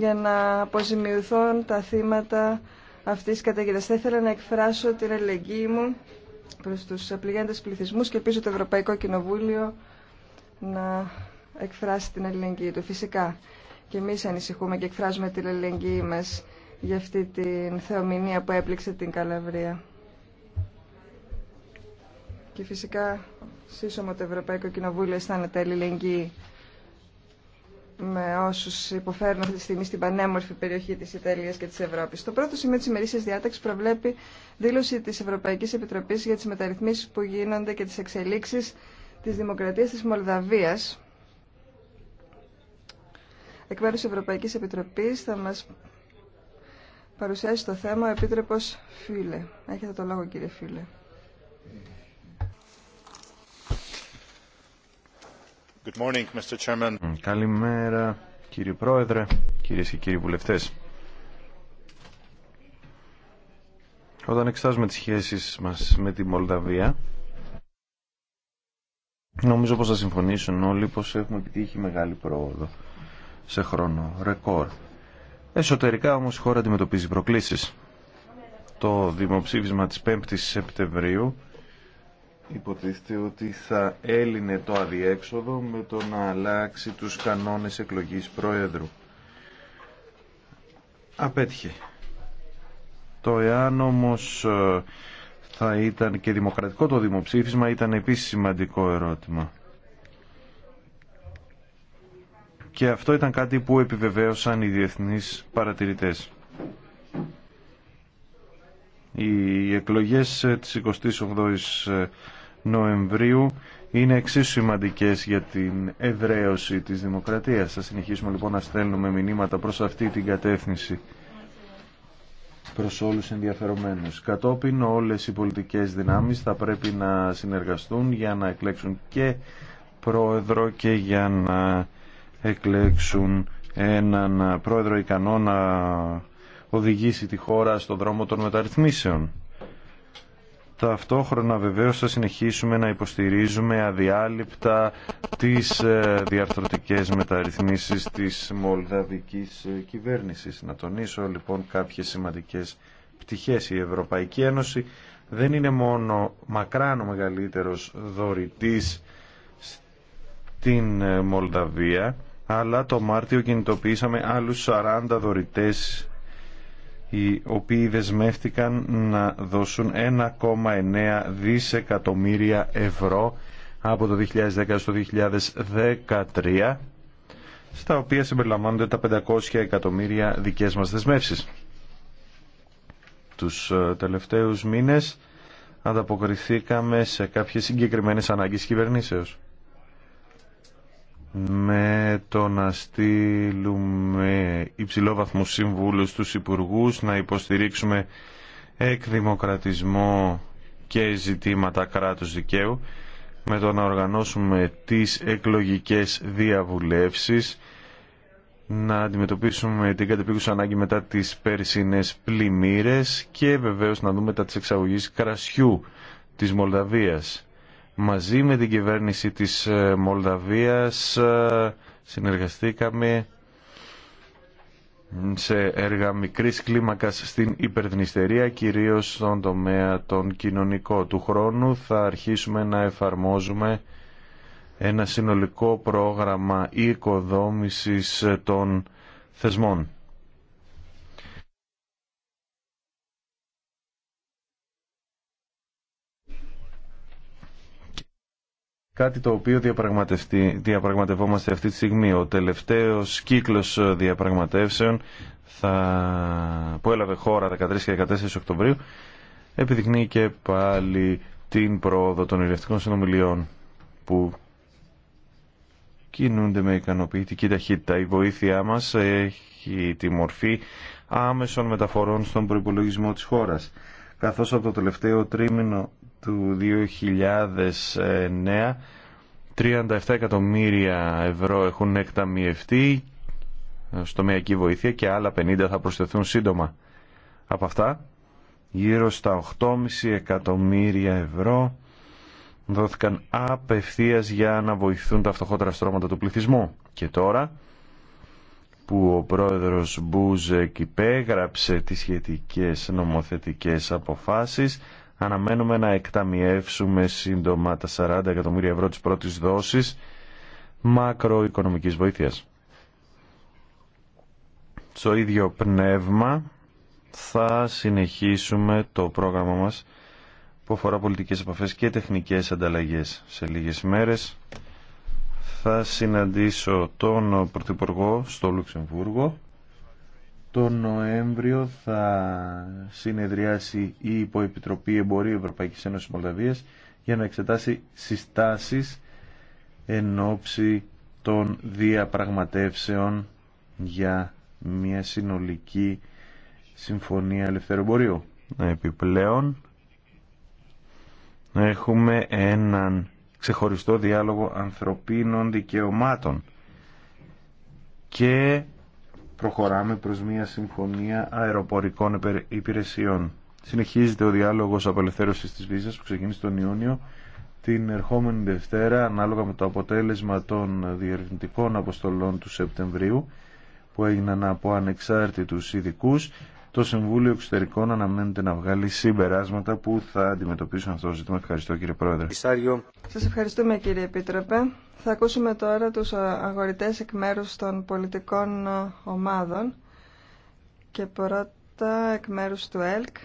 για να αποζημιωθούν τα θύματα αυτής της καταγγελίας. Θα ήθελα να εκφράσω την ελεγγύη μου προς τους πληγέντες πληθυσμούς και πίσω το Ευρωπαϊκό Κοινοβούλιο να εκφράσει την αλληλεγγύη του. Φυσικά και εμείς ανησυχούμε και εκφράζουμε την ελεγγύη μας για αυτή την θεομηνία που έπληξε την Καλαβρία. Και φυσικά σύσσωμα το Ευρωπαϊκό Κοινοβούλιο αισθάνεται ελεγγύη με όσου υποφέρουν αυτή τη στιγμή στην πανέμορφη περιοχή της Ιταλίας και της Ευρώπη. Το πρώτο σημείο τη ημερήσια διάταξη προβλέπει δήλωση της Ευρωπαϊκής Επιτροπής για τις μεταρρυθμίσεις που γίνονται και τις εξελίξεις της Δημοκρατίας της Μολδαβία. Εκ μέρου της Ευρωπαϊκής Επιτροπής θα μας παρουσιάσει το θέμα ο Επίτροπο Φίλε. Έχετε το λόγο κύριε Φίλε. Καλημέρα κύριε Πρόεδρε, κυρίε και κύριοι βουλευτές. Όταν εξετάζουμε τις σχέσεις μας με τη Μολδαβία, νομίζω πως θα συμφωνήσουν όλοι πως έχουμε επιτύχει μεγάλη πρόοδο σε χρόνο ρεκόρ. Εσωτερικά όμως η χώρα αντιμετωπίζει προκλήσεις. Το δημοψήφισμα της 5ης Σεπτεμβρίου υποτίθεται ότι θα έλυνε το αδιέξοδο με το να αλλάξει τους κανόνες εκλογής Προέδρου. Απέτυχε. Το εάν όμως ε, θα ήταν και δημοκρατικό το δημοψήφισμα ήταν επίσης σημαντικό ερώτημα. Και αυτό ήταν κάτι που επιβεβαίωσαν οι διεθνείς παρατηρητές. Οι εκλογές ε, της 28ης Νοεμβρίου είναι εξίσου σημαντικέ για την εδραίωση της δημοκρατίας. Θα συνεχίσουμε λοιπόν να στέλνουμε μηνύματα προς αυτή την κατεύθυνση προς όλους ενδιαφερομένους. Κατόπιν όλες οι πολιτικές δυνάμεις θα πρέπει να συνεργαστούν για να εκλέξουν και πρόεδρο και για να εκλέξουν έναν πρόεδρο ικανό να οδηγήσει τη χώρα στον δρόμο των μεταρρυθμίσεων. Ταυτόχρονα βεβαίως θα συνεχίσουμε να υποστηρίζουμε αδιάλειπτα τις ε, διαρθρωτικές μεταρρυθμίσεις της μολδαβικής ε, κυβέρνησης. Να τονίσω λοιπόν κάποιες σημαντικές πτυχές. Η Ευρωπαϊκή Ένωση δεν είναι μόνο μακράν ο μεγαλύτερος δωρητής στην ε, Μολδαβία, αλλά το Μάρτιο κινητοποιήσαμε άλλους 40 δωρητές οι οποίοι δεσμεύτηκαν να δώσουν 1,9 δισεκατομμύρια ευρώ από το 2010 στο 2013 στα οποία συμπεριλαμβάνονται τα 500 εκατομμύρια δικές μας δεσμεύσεις. Τους ε, τελευταίους μήνες ανταποκριθήκαμε σε κάποιες συγκεκριμένες ανάγκες κυβερνήσεως με το να στείλουμε υψηλόβαθμου συμβούλου στους υπουργούς, να υποστηρίξουμε εκδημοκρατισμό και ζητήματα κράτους δικαίου, με το να οργανώσουμε τις εκλογικές διαβουλεύσεις, να αντιμετωπίσουμε την κατεπίγουσα ανάγκη μετά τις πέρσινες πλημμύρες και βεβαίως να δούμε τα της εξαγωγής κρασιού της Μολδαβίας μαζί με την κυβέρνηση της ε, Μολδαβίας ε, συνεργαστήκαμε σε έργα μικρής κλίμακας στην υπερδνηστερία, κυρίως στον τομέα τον κοινωνικό του χρόνου. Θα αρχίσουμε να εφαρμόζουμε ένα συνολικό πρόγραμμα οικοδόμησης των θεσμών. κάτι το οποίο διαπραγματευόμαστε αυτή τη στιγμή. Ο τελευταίος κύκλος διαπραγματεύσεων θα, που έλαβε χώρα 13 και 14 Οκτωβρίου επιδεικνύει και πάλι την πρόοδο των ειρευτικών συνομιλιών που κινούνται με ικανοποιητική ταχύτητα. Η βοήθειά μας έχει τη μορφή άμεσων μεταφορών στον προϋπολογισμό της χώρας καθώς από το τελευταίο τρίμηνο του 2009 37 εκατομμύρια ευρώ έχουν εκταμιευτεί στο μειακή βοήθεια και άλλα 50 θα προσθεθούν σύντομα. Από αυτά, γύρω στα 8,5 εκατομμύρια ευρώ δόθηκαν απευθείας για να βοηθούν τα φτωχότερα στρώματα του πληθυσμού. Και τώρα που ο πρόεδρος Μπούζεκ υπέγραψε τις σχετικές νομοθετικές αποφάσεις, Αναμένουμε να εκταμιεύσουμε σύντομα τα 40 εκατομμύρια ευρώ της πρώτης δόσης μακροοικονομικής βοήθειας. Στο ίδιο πνεύμα θα συνεχίσουμε το πρόγραμμα μας που αφορά πολιτικές επαφές και τεχνικές ανταλλαγές. Σε λίγες μέρες θα συναντήσω τον Πρωθυπουργό στο Λουξεμβούργο το Νοέμβριο θα συνεδριάσει η Υποεπιτροπή Εμπορίου Ευρωπαϊκής Ένωσης Μολδαβίας για να εξετάσει συστάσεις εν ώψη των διαπραγματεύσεων για μια συνολική συμφωνία ελευθεροπορίου. Επιπλέον έχουμε έναν ξεχωριστό διάλογο ανθρωπίνων δικαιωμάτων και προχωράμε προς μια συμφωνία αεροπορικών υπηρεσιών. Συνεχίζεται ο διάλογος απελευθέρωσης της βίζας που ξεκίνησε τον Ιούνιο την ερχόμενη Δευτέρα ανάλογα με το αποτέλεσμα των διερευνητικών αποστολών του Σεπτεμβρίου που έγιναν από ανεξάρτητους ειδικού. Το Συμβούλιο Εξωτερικών αναμένεται να βγάλει συμπεράσματα που θα αντιμετωπίσουν αυτό το ζήτημα. Ευχαριστώ κύριε Πρόεδρε. Σας ευχαριστούμε κύριε Επίτροπε. Θα ακούσουμε τώρα τους ε, αγορητές εκ μέρους των πολιτικών ε, ομάδων και πρώτα εκ μέρους του ΕΛΚ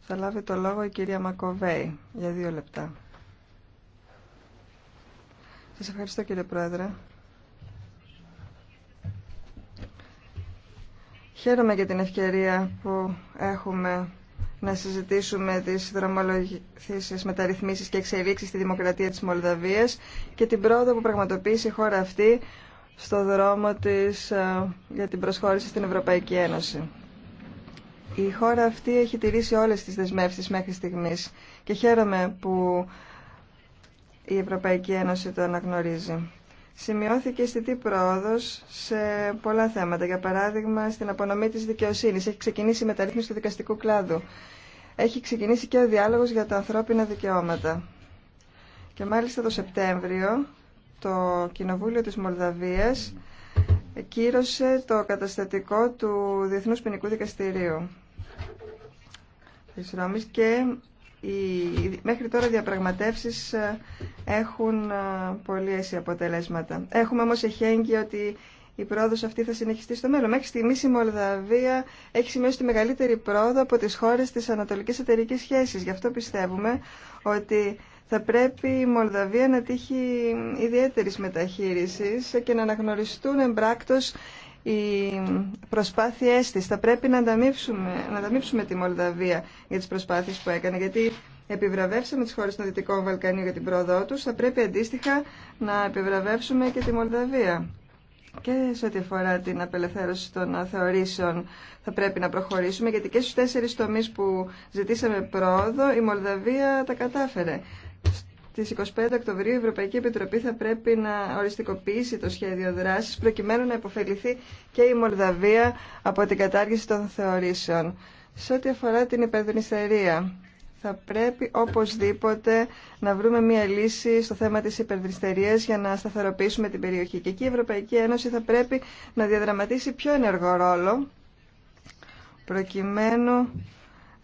θα λάβει το λόγο η κυρία Μακοβέη για δύο λεπτά. Σας ευχαριστώ κύριε Πρόεδρε. Χαίρομαι για την ευκαιρία που έχουμε να συζητήσουμε τις δρομολογήσεις μεταρρυθμίσεις και εξελίξεις στη δημοκρατία της Μολδαβίας και την πρόοδο που πραγματοποιεί η χώρα αυτή στο δρόμο της ε, για την προσχώρηση στην Ευρωπαϊκή Ένωση. Η χώρα αυτή έχει τηρήσει όλες τις δεσμεύσεις μέχρι στιγμής και χαίρομαι που η Ευρωπαϊκή Ένωση το αναγνωρίζει σημειώθηκε αισθητή πρόοδο σε πολλά θέματα. Για παράδειγμα, στην απονομή τη δικαιοσύνη. Έχει ξεκινήσει η μεταρρύθμιση του δικαστικού κλάδου. Έχει ξεκινήσει και ο διάλογο για τα ανθρώπινα δικαιώματα. Και μάλιστα το Σεπτέμβριο το Κοινοβούλιο της Μολδαβίας κύρωσε το καταστατικό του Διεθνούς Ποινικού Δικαστηρίου και μέχρι τώρα διαπραγματεύσεις ε, έχουν ε, πολύ αίσια αποτελέσματα. Έχουμε όμως εχέγγυο ότι η πρόοδος αυτή θα συνεχιστεί στο μέλλον. Μέχρι στιγμής η Μολδαβία έχει σημειώσει τη μεγαλύτερη πρόοδο από τις χώρες της Ανατολικής Εταιρικής Σχέσης. Γι' αυτό πιστεύουμε ότι θα πρέπει η Μολδαβία να τύχει ιδιαίτερη μεταχείρισης και να αναγνωριστούν εμπράκτος οι προσπάθειές της. Θα πρέπει να ανταμείψουμε, να ανταμείψουμε τη Μολδαβία για τις προσπάθειες που έκανε, γιατί επιβραβεύσαμε τις χώρες των Δυτικών Βαλκανίων για την πρόοδό τους, θα πρέπει αντίστοιχα να επιβραβεύσουμε και τη Μολδαβία. Και σε ό,τι αφορά την απελευθέρωση των θεωρήσεων θα πρέπει να προχωρήσουμε, γιατί και στους τέσσερις τομείς που ζητήσαμε πρόοδο η Μολδαβία τα κατάφερε. Τις 25 Οκτωβρίου η Ευρωπαϊκή Επιτροπή θα πρέπει να οριστικοποιήσει το σχέδιο δράσης προκειμένου να υποφεληθεί και η Μολδαβία από την κατάργηση των θεωρήσεων. Σε ό,τι αφορά την υπερδνηστερία, θα πρέπει οπωσδήποτε να βρούμε μια λύση στο θέμα της υπερδνηστερίας για να σταθεροποιήσουμε την περιοχή. Και εκεί η Ευρωπαϊκή Ένωση θα πρέπει να διαδραματίσει πιο ενεργό ρόλο προκειμένου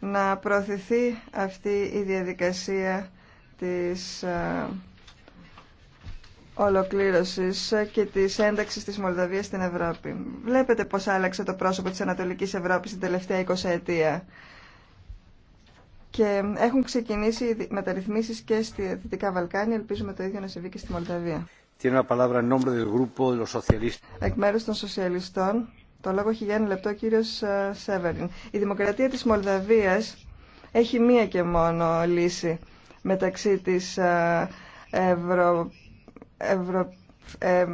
να προωθηθεί αυτή η διαδικασία της ε, ολοκλήρωσης και της ένταξης της Μολδαβίας στην Ευρώπη. Βλέπετε πώς άλλαξε το πρόσωπο της Ανατολικής Ευρώπης την τελευταία 20 ετία. Και έχουν ξεκινήσει μεταρρυθμίσεις και στη Δυτικά Βαλκάνια. Ελπίζουμε το ίδιο να συμβεί και στη Μολδαβία. Εκ μέρους των σοσιαλιστών, το λόγο έχει για ένα λεπτό ο κύριος ε, Σέβεριν. Η δημοκρατία της Μολδαβίας έχει μία και μόνο λύση μεταξύ της ε, Ευρω... Ευρω... Ε,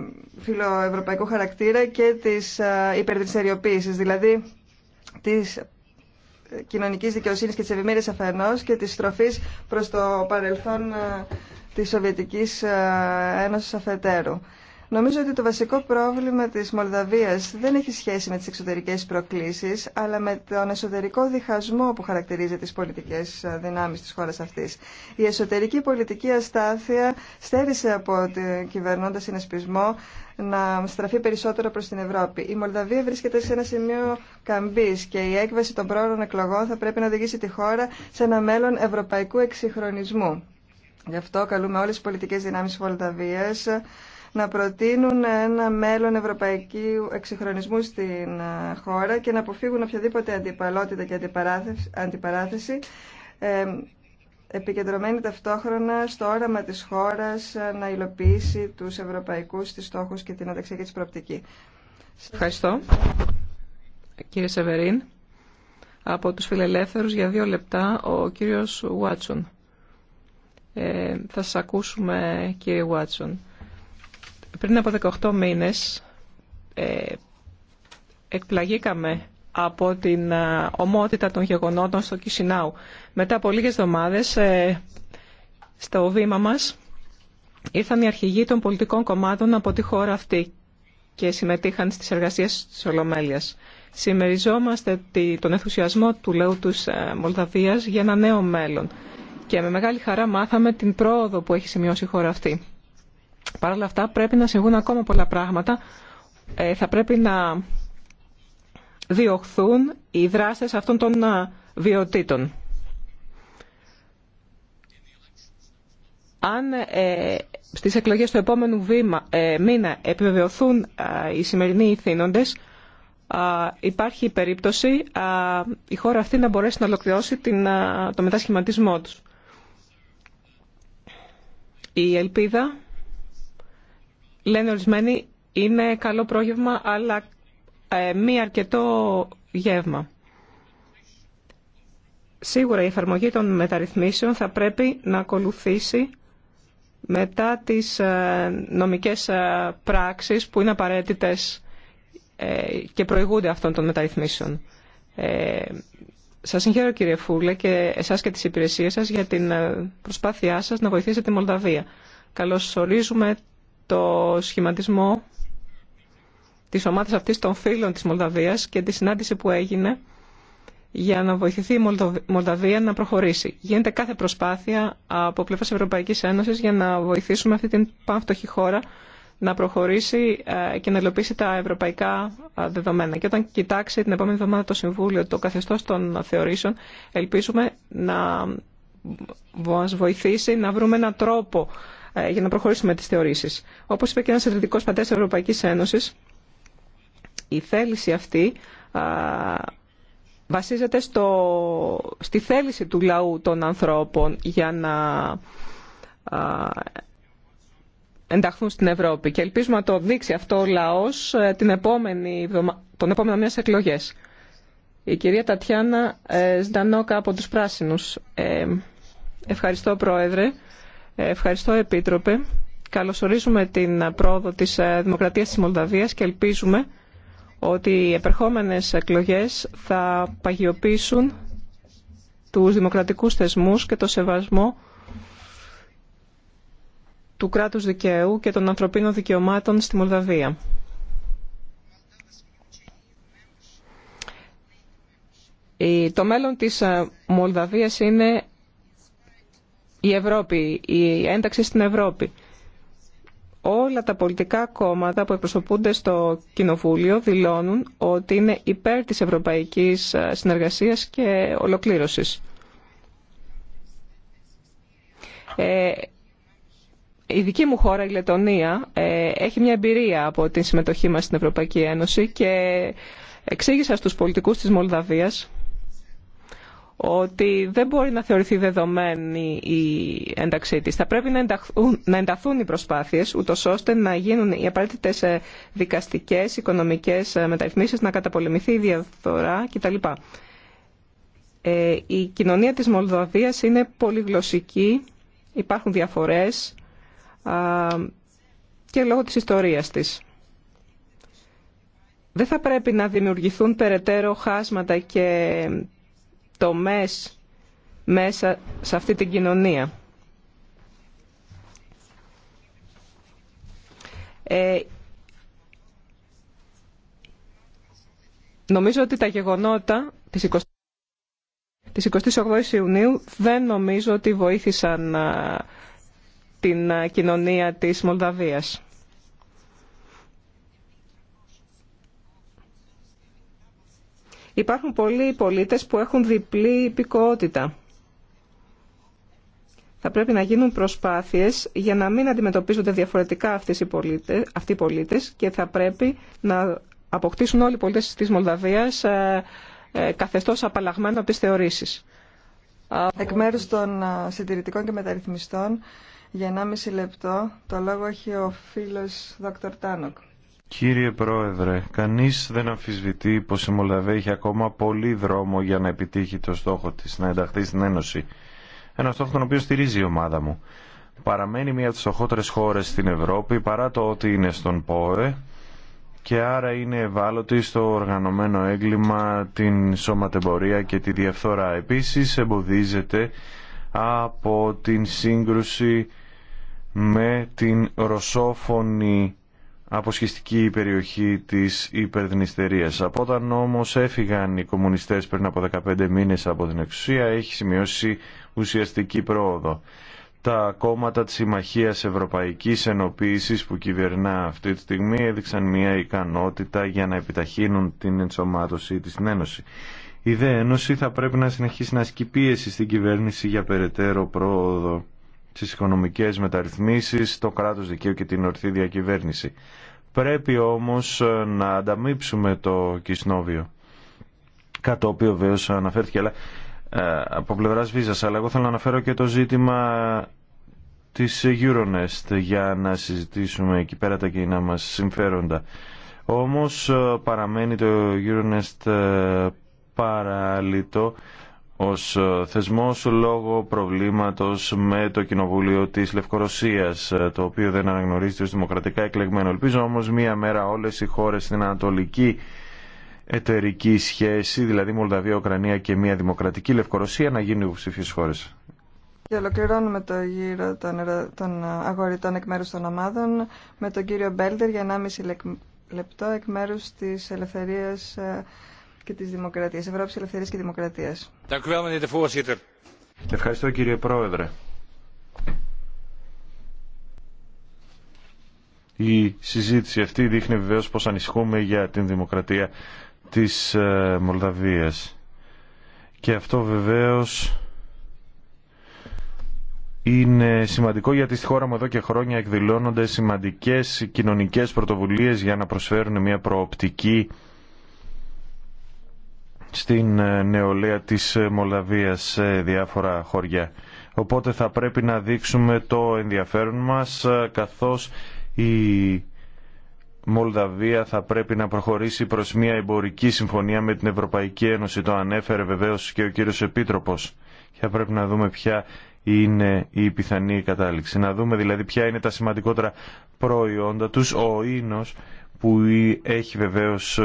φιλοευρωπαϊκού χαρακτήρα και της ε, υπερδυσσεριοποίησης, δηλαδή της κοινωνικής δικαιοσύνης και της ευημερίας αφενός και της στροφής προς το παρελθόν της Σοβιετικής Ένωσης αφετέρου. Νομίζω ότι το βασικό πρόβλημα της Μολδαβίας δεν έχει σχέση με τις εξωτερικές προκλήσεις, αλλά με τον εσωτερικό διχασμό που χαρακτηρίζει τις πολιτικές ε, δυνάμεις της χώρας αυτής. Η εσωτερική πολιτική αστάθεια στέρισε από την κυβερνώντα συνασπισμό να στραφεί περισσότερο προς την Ευρώπη. Η Μολδαβία βρίσκεται σε ένα σημείο καμπής και η έκβαση των πρόωρων εκλογών θα πρέπει να οδηγήσει τη χώρα σε ένα μέλλον ευρωπαϊκού εξυγχρονισμού. Γι' αυτό καλούμε όλες τις πολιτικές δυνάμεις της Μολδαβίας να προτείνουν ένα μέλλον ευρωπαϊκού εξυγχρονισμού στην ε, χώρα και να αποφύγουν οποιαδήποτε αντιπαλότητα και αντιπαράθεση ε, επικεντρωμένη ταυτόχρονα στο όραμα της χώρας ε, να υλοποιήσει τους ευρωπαϊκούς τις στόχους και την ανταξιακή της προοπτική. Ευχαριστώ. Κύριε Σεβερίν, από τους φιλελεύθερους για δύο λεπτά ο κύριος Βάτσον. θα σας ακούσουμε κύριε Βάτσον. Πριν από 18 μήνες ε, εκπλαγήκαμε από την ε, ομότητα των γεγονότων στο Κισινάου. Μετά από λίγες εβδομάδες ε, στο βήμα μας ήρθαν οι αρχηγοί των πολιτικών κομμάτων από τη χώρα αυτή και συμμετείχαν στις εργασίες της Ολομέλειας. Συμμεριζόμαστε τον ενθουσιασμό του λαού της ε, Μολδαβίας για ένα νέο μέλλον και με μεγάλη χαρά μάθαμε την πρόοδο που έχει σημειώσει η χώρα αυτή. Παρ' όλα αυτά πρέπει να συμβούν ακόμα πολλά πράγματα. Ε, θα πρέπει να διωχθούν οι δράσεις αυτών των ε, βιωτήτων. Αν ε, στις εκλογές του επόμενου βήμα, ε, μήνα επιβεβαιωθούν οι σημερινοί ηθήνοντες, υπάρχει περίπτωση η χώρα αυτή να μπορέσει να ολοκληρώσει την, το μετασχηματισμό τους. Η ελπίδα λένε ορισμένοι είναι καλό πρόγευμα αλλά ε, μη αρκετό γεύμα. Σίγουρα η εφαρμογή των μεταρρυθμίσεων θα πρέπει να ακολουθήσει μετά τις ε, νομικές ε, πράξεις που είναι απαραίτητες και προηγούνται αυτών των μεταρρυθμίσεων. Ε, σας συγχαίρω κύριε Φούλε και εσάς και τις υπηρεσίες σας για την προσπάθειά σας να βοηθήσετε τη Μολδαβία. Καλώς ορίζουμε το σχηματισμό της ομάδας αυτής των φίλων της Μολδαβίας και τη συνάντηση που έγινε για να βοηθηθεί η Μολδαβία να προχωρήσει. Γίνεται κάθε προσπάθεια από πλευρά Ευρωπαϊκή Ένωση για να βοηθήσουμε αυτή την πανφτωχή χώρα να προχωρήσει ε, και να υλοποιήσει τα ευρωπαϊκά ε, δεδομένα. Και όταν κοιτάξει την επόμενη εβδομάδα το Συμβούλιο το καθεστώ των θεωρήσεων, ελπίζουμε να μα βοηθήσει να βρούμε έναν τρόπο ε, για να προχωρήσουμε τις θεωρήσεις. Όπως είπε και ένας πατέρα πατέρας Ευρωπαϊκής Ένωσης, η θέληση αυτή βασίζεται στο, στη θέληση του λαού των ανθρώπων για να ενταχθούν στην Ευρώπη. Και ελπίζουμε να το δείξει αυτό ο λαός ε, την επόμενη, τον επόμενο μήνα εκλογές. Η κυρία Τατιάνα Σντανόκα ε, από τους Πράσινους. Ε, ευχαριστώ Πρόεδρε. Ευχαριστώ, Επίτροπε. Καλωσορίζουμε την πρόοδο της ε, Δημοκρατίας της Μολδαβίας και ελπίζουμε ότι οι επερχόμενες εκλογές θα παγιοποιήσουν τους δημοκρατικούς θεσμούς και το σεβασμό του κράτους δικαίου και των ανθρωπίνων δικαιωμάτων στη Μολδαβία. Το μέλλον της ε, Μολδαβίας είναι η Ευρώπη, η ένταξη στην Ευρώπη. Όλα τα πολιτικά κόμματα που εκπροσωπούνται στο Κοινοβούλιο δηλώνουν ότι είναι υπέρ της ευρωπαϊκής ε, συνεργασίας και ολοκλήρωσης. Ε, η δική μου χώρα, η Λετωνία, ε, έχει μια εμπειρία από την συμμετοχή μας στην Ευρωπαϊκή Ένωση και εξήγησα στους πολιτικούς της Μολδαβίας ότι δεν μπορεί να θεωρηθεί δεδομένη η ένταξή της. Θα πρέπει να ενταχθούν να οι προσπάθειες, ούτω ώστε να γίνουν οι απαραίτητες ε, δικαστικές, οικονομικές ε, μεταρρυθμίσεις, να καταπολεμηθεί η διαφθορά κτλ. Ε, η κοινωνία της Μολδαβίας είναι πολυγλωσσική, υπάρχουν διαφορές και λόγω της ιστορίας της. Δεν θα πρέπει να δημιουργηθούν περαιτέρω χάσματα και τομές μέσα σε αυτή την κοινωνία. Ε, νομίζω ότι τα γεγονότα της 20 28 η Ιουνίου δεν νομίζω ότι βοήθησαν την κοινωνία της Μολδαβίας. Υπάρχουν πολλοί πολίτες που έχουν διπλή υπηκότητα. Θα πρέπει να γίνουν προσπάθειες για να μην αντιμετωπίζονται διαφορετικά αυτοί οι πολίτες, και θα πρέπει να αποκτήσουν όλοι οι πολίτες της Μολδαβίας ε, ε, καθεστώς απαλλαγμένο από τις θεωρήσεις. Εκ μέρους των ε, συντηρητικών και μεταρρυθμιστών, για 1,5 λεπτό, το λόγο έχει ο φίλος Δ. Τάνοκ. Κύριε Πρόεδρε, κανείς δεν αμφισβητεί πως η Μολδαβία έχει ακόμα πολύ δρόμο για να επιτύχει το στόχο της να ενταχθεί στην Ένωση. Ένα στόχο τον οποίο στηρίζει η ομάδα μου. Παραμένει μία από τις στοχότερες χώρες στην Ευρώπη παρά το ότι είναι στον ΠΟΕ και άρα είναι ευάλωτη στο οργανωμένο έγκλημα, την σωματεμπορία και τη διαφθορά. Επίσης εμποδίζεται από την σύγκρουση με την ρωσόφωνη αποσχιστική περιοχή της υπερδνηστερίας. Από όταν όμως έφυγαν οι κομμουνιστές πριν από 15 μήνες από την εξουσία έχει σημειώσει ουσιαστική πρόοδο. Τα κόμματα της Συμμαχίας Ευρωπαϊκής Ενοποίησης που κυβερνά αυτή τη στιγμή έδειξαν μια ικανότητα για να επιταχύνουν την ενσωμάτωση της Ένωση. Η ΔΕΕ θα πρέπει να συνεχίσει να ασκεί πίεση στην κυβέρνηση για περαιτέρω πρόοδο Στι οικονομικές μεταρρυθμίσεις, το κράτος δικαίου και την ορθή διακυβέρνηση. Πρέπει όμως ε, να ανταμείψουμε το Κισνόβιο, κάτι το οποίο βέβαια αναφέρθηκε αλλά, ε, από πλευράς Βίζας, αλλά εγώ θέλω να αναφέρω και το ζήτημα ε, της Euronest για να συζητήσουμε εκεί πέρα τα κοινά μας συμφέροντα. Όμως παραμένει το Euronest παραλυτό ως ε, θεσμός λόγω προβλήματος με το Κοινοβούλιο της Λευκορωσίας, ε, το οποίο δεν αναγνωρίζεται ως δημοκρατικά εκλεγμένο. Ελπίζω όμως μία μέρα όλες οι χώρες στην Ανατολική εταιρική σχέση, δηλαδή Μολδαβία, Ουκρανία και μία δημοκρατική Λευκορωσία να γίνουν υποψηφίες χώρες. Και ολοκληρώνουμε το γύρο των, αγορητών εκ μέρους των ομάδων με τον κύριο Μπέλτερ για 1,5 λεπτό εκ μέρους της Ελευθερίας ε, και της Δημοκρατίας, Ευρώπης Ελευθερίας και Δημοκρατίας. Ευχαριστώ κύριε Πρόεδρε. Η συζήτηση αυτή δείχνει βεβαίως πως ανησυχούμε για την δημοκρατία της ε, Μολδαβίας. Και αυτό βεβαίως είναι σημαντικό γιατί στη χώρα μου εδώ και χρόνια εκδηλώνονται σημαντικές κοινωνικές πρωτοβουλίες για να προσφέρουν μια προοπτική στην ε, νεολαία της ε, Μολδαβίας σε διάφορα χωριά. Οπότε θα πρέπει να δείξουμε το ενδιαφέρον μας ε, καθώς η Μολδαβία θα πρέπει να προχωρήσει προς μια εμπορική συμφωνία με την Ευρωπαϊκή Ένωση. Το ανέφερε βεβαίως και ο κύριος Επίτροπος. Και θα πρέπει να δούμε ποια είναι η πιθανή κατάληξη. Να δούμε δηλαδή ποια είναι τα σημαντικότερα προϊόντα τους. Ο ίνος που έχει βεβαίως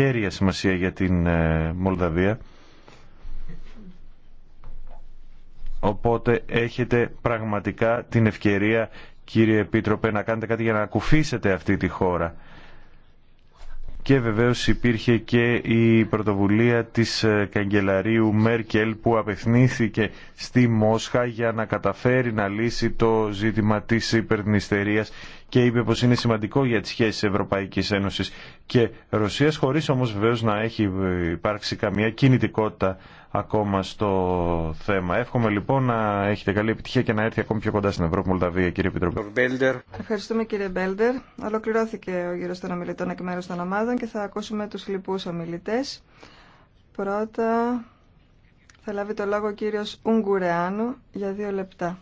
κέρια σημασία για την ε, Μολδαβία. Οπότε έχετε πραγματικά την ευκαιρία, κύριε Επίτροπε, να κάνετε κάτι για να ακουφίσετε αυτή τη χώρα και βεβαίως υπήρχε και η πρωτοβουλία της ε, καγκελαρίου Μέρκελ που απευθύνθηκε στη Μόσχα για να καταφέρει να λύσει το ζήτημα της υπερδνηστερίας και είπε πως είναι σημαντικό για τις σχέσεις Ευρωπαϊκής Ένωσης και Ρωσίας χωρίς όμως βεβαίως να έχει ε, υπάρξει καμία κινητικότητα ακόμα στο θέμα. Εύχομαι λοιπόν να έχετε καλή επιτυχία και να έρθει ακόμη πιο κοντά στην Ευρώπη Μολδαβία, κύριε Επιτροπή. Ευχαριστούμε κύριε Μπέλντερ. Ολοκληρώθηκε ο γύρος των ομιλητών εκ μέρου των ομάδων και θα ακούσουμε τους λοιπούς ομιλητές. Πρώτα θα λάβει το λόγο ο κύριος Ουγγουρεάνου για δύο λεπτά.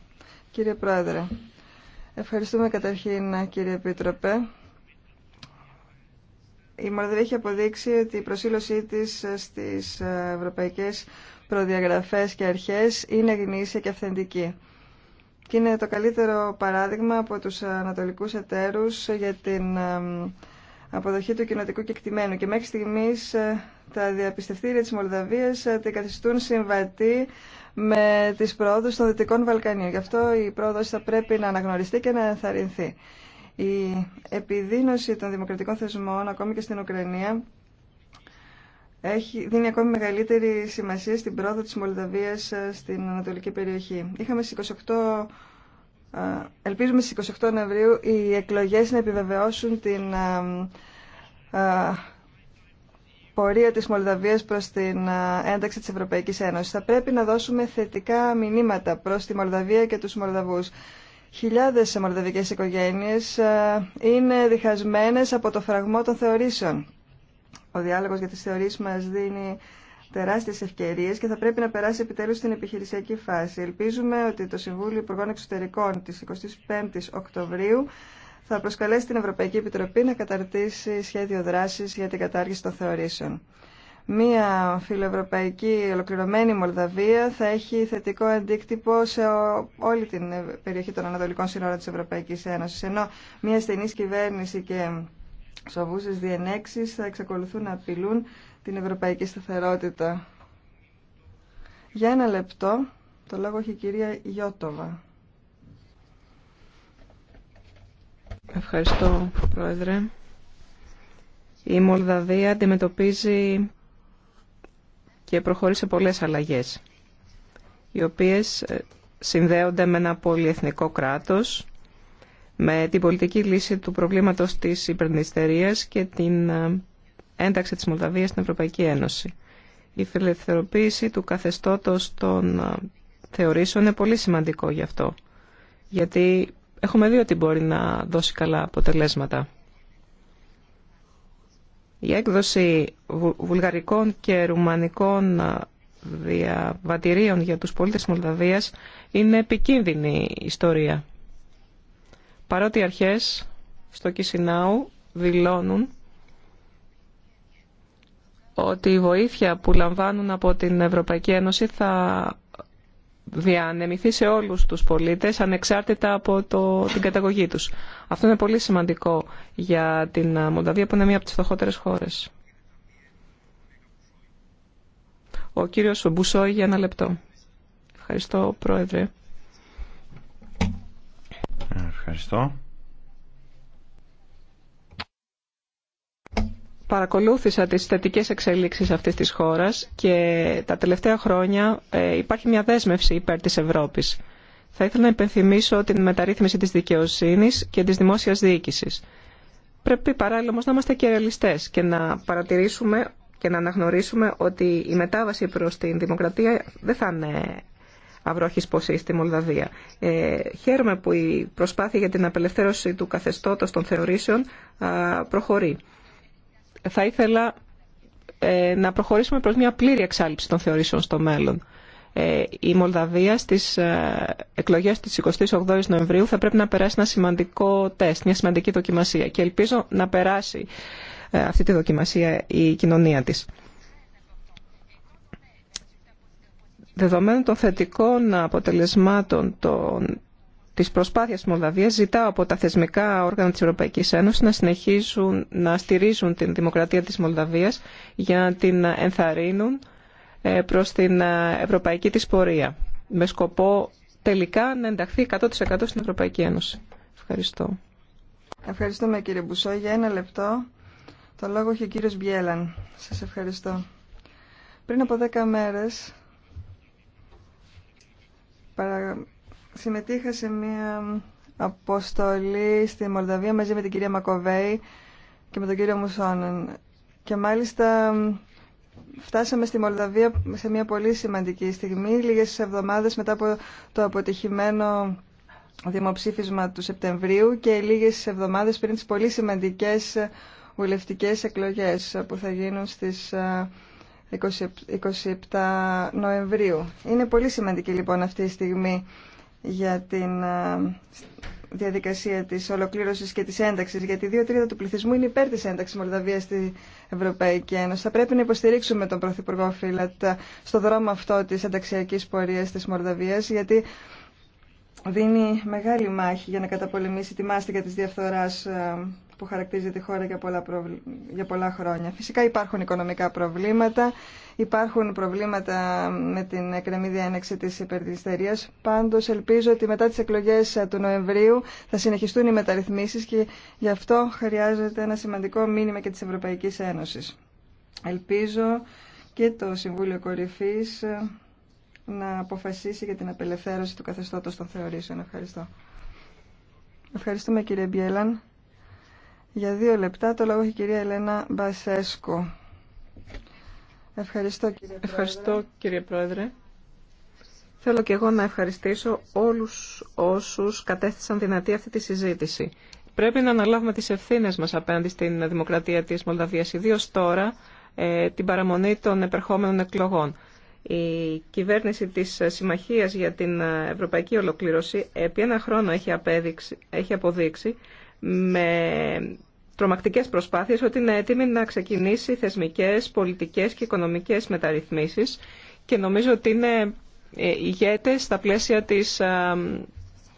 Κύριε Πρόεδρε, ευχαριστούμε καταρχήν κύριε Επίτροπε η Μολδαβία έχει αποδείξει ότι η προσήλωσή της ε, στις ε, ευρωπαϊκές προδιαγραφές και αρχές είναι γνήσια και αυθεντική. Και είναι το καλύτερο παράδειγμα από τους ανατολικούς εταίρους για την ε, αποδοχή του κοινοτικού κεκτημένου. Και μέχρι στιγμής τα διαπιστευτήρια της Μολδαβίας την καθιστούν συμβατή με τις πρόοδους των Δυτικών Βαλκανίων. Γι' αυτό η πρόοδος θα πρέπει να αναγνωριστεί και να ενθαρρυνθεί. Η επιδείνωση των δημοκρατικών θεσμών, ακόμη και στην Ουκρανία, έχει, δίνει ακόμη μεγαλύτερη σημασία στην πρόοδο της Μολδαβίας ε, στην Ανατολική περιοχή. Είχαμε στις 28, ε, ελπίζουμε στις 28 Νοεμβρίου οι εκλογές να επιβεβαιώσουν την ε, πορεία της Μολδαβίας προς την ένταξη της Ευρωπαϊκής Ένωσης. Θα πρέπει να δώσουμε θετικά μηνύματα προς τη Μολδαβία και τους Μολδαβούς. Χιλιάδες μολδαβικές οικογένειες ε, είναι διχασμένες από το φραγμό των θεωρήσεων. Ο διάλογος για τις θεωρήσεις μας δίνει τεράστιες ευκαιρίες και θα πρέπει να περάσει επιτέλους στην επιχειρησιακή φάση. Ελπίζουμε ότι το Συμβούλιο Υπουργών Εξωτερικών της 25ης Οκτωβρίου θα προσκαλέσει την Ευρωπαϊκή Επιτροπή να καταρτήσει σχέδιο δράσης για την κατάργηση των θεωρήσεων. Μία φιλοευρωπαϊκή ολοκληρωμένη Μολδαβία θα έχει θετικό αντίκτυπο σε όλη την περιοχή των ανατολικών σύνορων της Ευρωπαϊκής Ένωσης, ενώ μία στενής κυβέρνηση και σοβούσες διενέξεις θα εξακολουθούν να απειλούν την ευρωπαϊκή σταθερότητα. Για ένα λεπτό, το λόγο έχει η κυρία Γιώτοβα. Ευχαριστώ, Πρόεδρε. Η Μολδαβία αντιμετωπίζει και προχώρησε πολλές αλλαγές, οι οποίες ε, συνδέονται με ένα πολυεθνικό κράτος, με την πολιτική λύση του προβλήματος της υπερνηστερίας και την ε, ένταξη της Μολδαβίας στην Ευρωπαϊκή Ένωση. Η φιλελευθερωποίηση του καθεστώτος των ε, θεωρήσεων είναι πολύ σημαντικό γι' αυτό, γιατί έχουμε δει ότι μπορεί να δώσει καλά αποτελέσματα. Η έκδοση βουλγαρικών και ρουμανικών διαβατηρίων για τους πολίτες της Μολδαβίας είναι επικίνδυνη ιστορία. Παρότι οι αρχές στο Κισινάου δηλώνουν ότι η βοήθεια που λαμβάνουν από την Ευρωπαϊκή Ένωση θα διανεμηθεί σε όλους τους πολίτες ανεξάρτητα από το, την καταγωγή τους. Αυτό είναι πολύ σημαντικό για την Μολδαβία που είναι μία από τις φτωχότερες χώρες. Ο κύριος Μπουσόη για ένα λεπτό. Ευχαριστώ, Πρόεδρε. Ευχαριστώ. παρακολούθησα τις θετικές εξελίξεις αυτής της χώρας και τα τελευταία χρόνια ε, υπάρχει μια δέσμευση υπέρ της Ευρώπης. Θα ήθελα να υπενθυμίσω την μεταρρύθμιση της δικαιοσύνης και της δημόσιας διοίκησης. Πρέπει παράλληλα όμως να είμαστε και ρεαλιστές και να παρατηρήσουμε και να αναγνωρίσουμε ότι η μετάβαση προς την δημοκρατία δεν θα είναι αυρόχης ποσή στη Μολδαβία. Ε, χαίρομαι που η προσπάθεια για την απελευθέρωση του καθεστώτος των θεωρήσεων α, προχωρεί θα ήθελα ε, να προχωρήσουμε προς μια πλήρη εξάλληψη των θεωρήσεων στο μέλλον. Ε, η Μολδαβία στις ε, εκλογές της 28 η Νοεμβρίου θα πρέπει να περάσει ένα σημαντικό τεστ, μια σημαντική δοκιμασία και ελπίζω να περάσει αυτή τη δοκιμασία η κοινωνία της. Δεδομένου των θετικών αποτελεσμάτων των της προσπάθειας της Μολδαβίας ζητάω από τα θεσμικά όργανα της Ευρωπαϊκής Ένωσης να συνεχίσουν να στηρίζουν την δημοκρατία της Μολδαβίας για να την ενθαρρύνουν ε, προς την ε, ευρωπαϊκή της πορεία με σκοπό τελικά να ενταχθεί 100% στην Ευρωπαϊκή Ένωση. Ευχαριστώ. Ευχαριστούμε κύριε Μπουσό. Για ένα λεπτό το λόγο έχει ο κύριο Μπιέλαν. Σα ευχαριστώ. Πριν από δέκα μέρες συμμετείχα σε μια αποστολή στη Μολδαβία μαζί με την κυρία Μακοβέη και με τον κύριο Μουσόνεν. Και μάλιστα φτάσαμε στη Μολδαβία σε μια πολύ σημαντική στιγμή, λίγες εβδομάδες μετά από το αποτυχημένο δημοψήφισμα του Σεπτεμβρίου και λίγες εβδομάδες πριν τις πολύ σημαντικές βουλευτικές εκλογές που θα γίνουν στις 27 ε, Νοεμβρίου. Είναι πολύ σημαντική λοιπόν αυτή η στιγμή για την ε, διαδικασία της ολοκλήρωσης και της ένταξης, γιατί δύο τρίτα του πληθυσμού είναι υπέρ της ένταξης Μολδαβίας στην Ευρωπαϊκή Ένωση. Θα πρέπει να υποστηρίξουμε τον Πρωθυπουργό Φίλατ ε, στο δρόμο αυτό της ενταξιακής πορείας της Μορδαβίας, γιατί δίνει μεγάλη μάχη για να καταπολεμήσει τη μάστιγα της διαφθοράς ε, που χαρακτηρίζει τη χώρα για πολλά, για πολλά χρόνια. Φυσικά υπάρχουν οικονομικά προβλήματα, υπάρχουν προβλήματα με την εκρεμή διένεξη της υπερδυστερίας. Πάντως ελπίζω ότι μετά τις εκλογές ε, του Νοεμβρίου θα συνεχιστούν οι μεταρρυθμίσεις και γι' αυτό χρειάζεται ένα σημαντικό μήνυμα και της Ευρωπαϊκής Ένωσης. Ελπίζω και το Συμβούλιο Κορυφής ε, να αποφασίσει για την απελευθέρωση του καθεστώτος των θεωρήσεων. Ευχαριστώ. Ευχαριστούμε κύριε Μπιέλαν. Για δύο λεπτά το λόγο έχει η κυρία Ελένα Μπασέσκο. Ευχαριστώ κύριε Ευχαριστώ, Πρόεδρε. Κύριε Πρόεδρε. Θέλω και εγώ να ευχαριστήσω όλους όσους κατέθεσαν δυνατή αυτή τη συζήτηση. Πρέπει να αναλάβουμε τις ευθύνες μας απέναντι στην δημοκρατία της Μολδαβίας, ιδίω τώρα ε, την παραμονή των επερχόμενων εκλογών. Η κυβέρνηση της Συμμαχίας για την Ευρωπαϊκή Ολοκλήρωση επί ένα χρόνο έχει, έχει αποδείξει με Τρομακτικέ προσπάθειες ότι είναι έτοιμη να ξεκινήσει θεσμικές, πολιτικές και οικονομικές μεταρρυθμίσει. και νομίζω ότι είναι ε, ηγέτες στα πλαίσια της ε,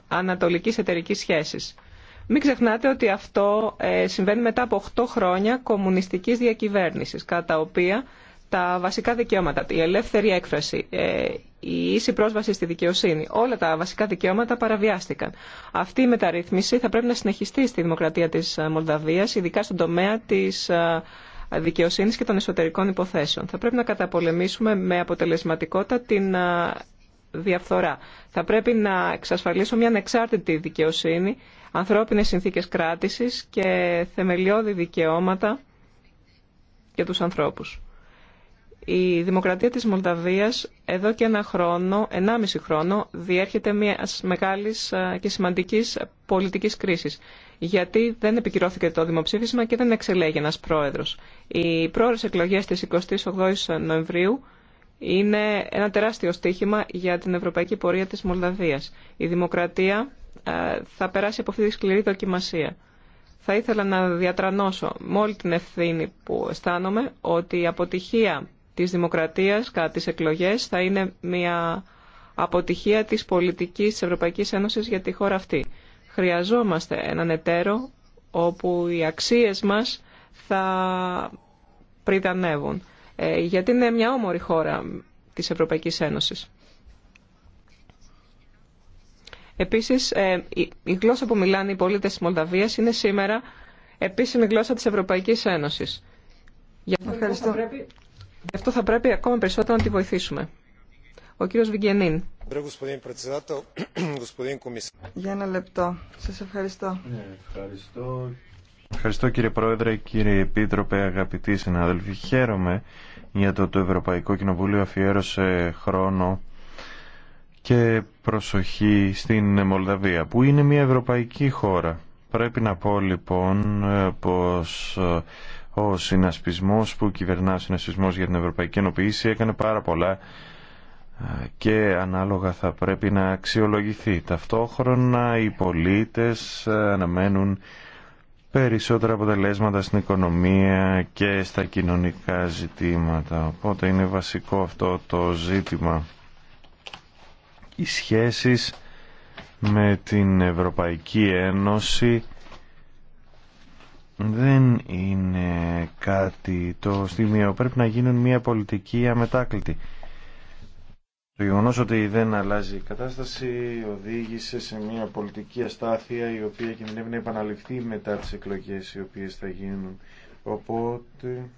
ανατολικής εταιρική σχέσης. Μην ξεχνάτε ότι αυτό ε, συμβαίνει μετά από 8 χρόνια κομμουνιστικής διακυβέρνησης, κατά οποία τα βασικά δικαιώματα, η ελεύθερη έκφραση, η ίση πρόσβαση στη δικαιοσύνη. Όλα τα βασικά δικαιώματα παραβιάστηκαν. Αυτή η μεταρρύθμιση θα πρέπει να συνεχιστεί στη δημοκρατία της ε, Μολδαβίας, ειδικά στον τομέα της ε, δικαιοσύνης και των εσωτερικών υποθέσεων. Θα πρέπει να καταπολεμήσουμε με αποτελεσματικότητα την ε, διαφθορά. Θα πρέπει να εξασφαλίσουμε μια ανεξάρτητη δικαιοσύνη, ανθρώπινες συνθήκες κράτησης και θεμελιώδη δικαιώματα για τους ανθρώπους. Η δημοκρατία της Μολδαβίας εδώ και ένα χρόνο, ενάμιση χρόνο, διέρχεται μια μεγάλη και σημαντική πολιτική κρίση. Γιατί δεν επικυρώθηκε το δημοψήφισμα και δεν εξελέγει ένας πρόεδρος. Οι πρόορες εκλογές της 28ης Νοεμβρίου είναι ένα τεράστιο στίχημα για την ευρωπαϊκή πορεία της Μολδαβίας. Η δημοκρατία θα περάσει από αυτή τη σκληρή δοκιμασία. Θα ήθελα να διατρανώσω με όλη την ευθύνη που αισθάνομαι ότι η αποτυχία της δημοκρατίας κατά τις εκλογές θα είναι μια αποτυχία της πολιτικής της Ευρωπαϊκής Ένωσης για τη χώρα αυτή. Χρειαζόμαστε έναν εταίρο όπου οι αξίες μας θα πριτανεύουν. Ε, γιατί είναι μια όμορη χώρα της Ευρωπαϊκής Ένωσης. Επίσης, ε, η γλώσσα που μιλάνε οι πολίτες της Μολδαβίας είναι σήμερα επίσημη γλώσσα της Ευρωπαϊκής Ένωσης. Ευχαριστώ. Γι' αυτό θα πρέπει ακόμα περισσότερο να τη βοηθήσουμε. Ο κύριος Βιγγενίν. Για ένα λεπτό. Σας ευχαριστώ. Ναι, ευχαριστώ. Ευχαριστώ κύριε Πρόεδρε, κύριε Επίτροπε, αγαπητοί συναδελφοί. Χαίρομαι για το το Ευρωπαϊκό Κοινοβούλιο αφιέρωσε χρόνο και προσοχή στην Μολδαβία, που είναι μια ευρωπαϊκή χώρα. Πρέπει να πω λοιπόν ε, πως ε, ο συνασπισμός που κυβερνά ο συνασπισμός για την Ευρωπαϊκή Ενοποίηση έκανε πάρα πολλά και ανάλογα θα πρέπει να αξιολογηθεί. Ταυτόχρονα οι πολίτες αναμένουν περισσότερα αποτελέσματα στην οικονομία και στα κοινωνικά ζητήματα. Οπότε είναι βασικό αυτό το ζήτημα. Οι σχέσεις με την Ευρωπαϊκή Ένωση δεν είναι κάτι το στιγμίο. Πρέπει να γίνουν μια πολιτική αμετάκλητη. Το γεγονό ότι δεν αλλάζει η κατάσταση οδήγησε σε μια πολιτική αστάθεια η οποία κινδυνεύει να επαναληφθεί μετά τις εκλογές οι οποίες θα γίνουν. Οπότε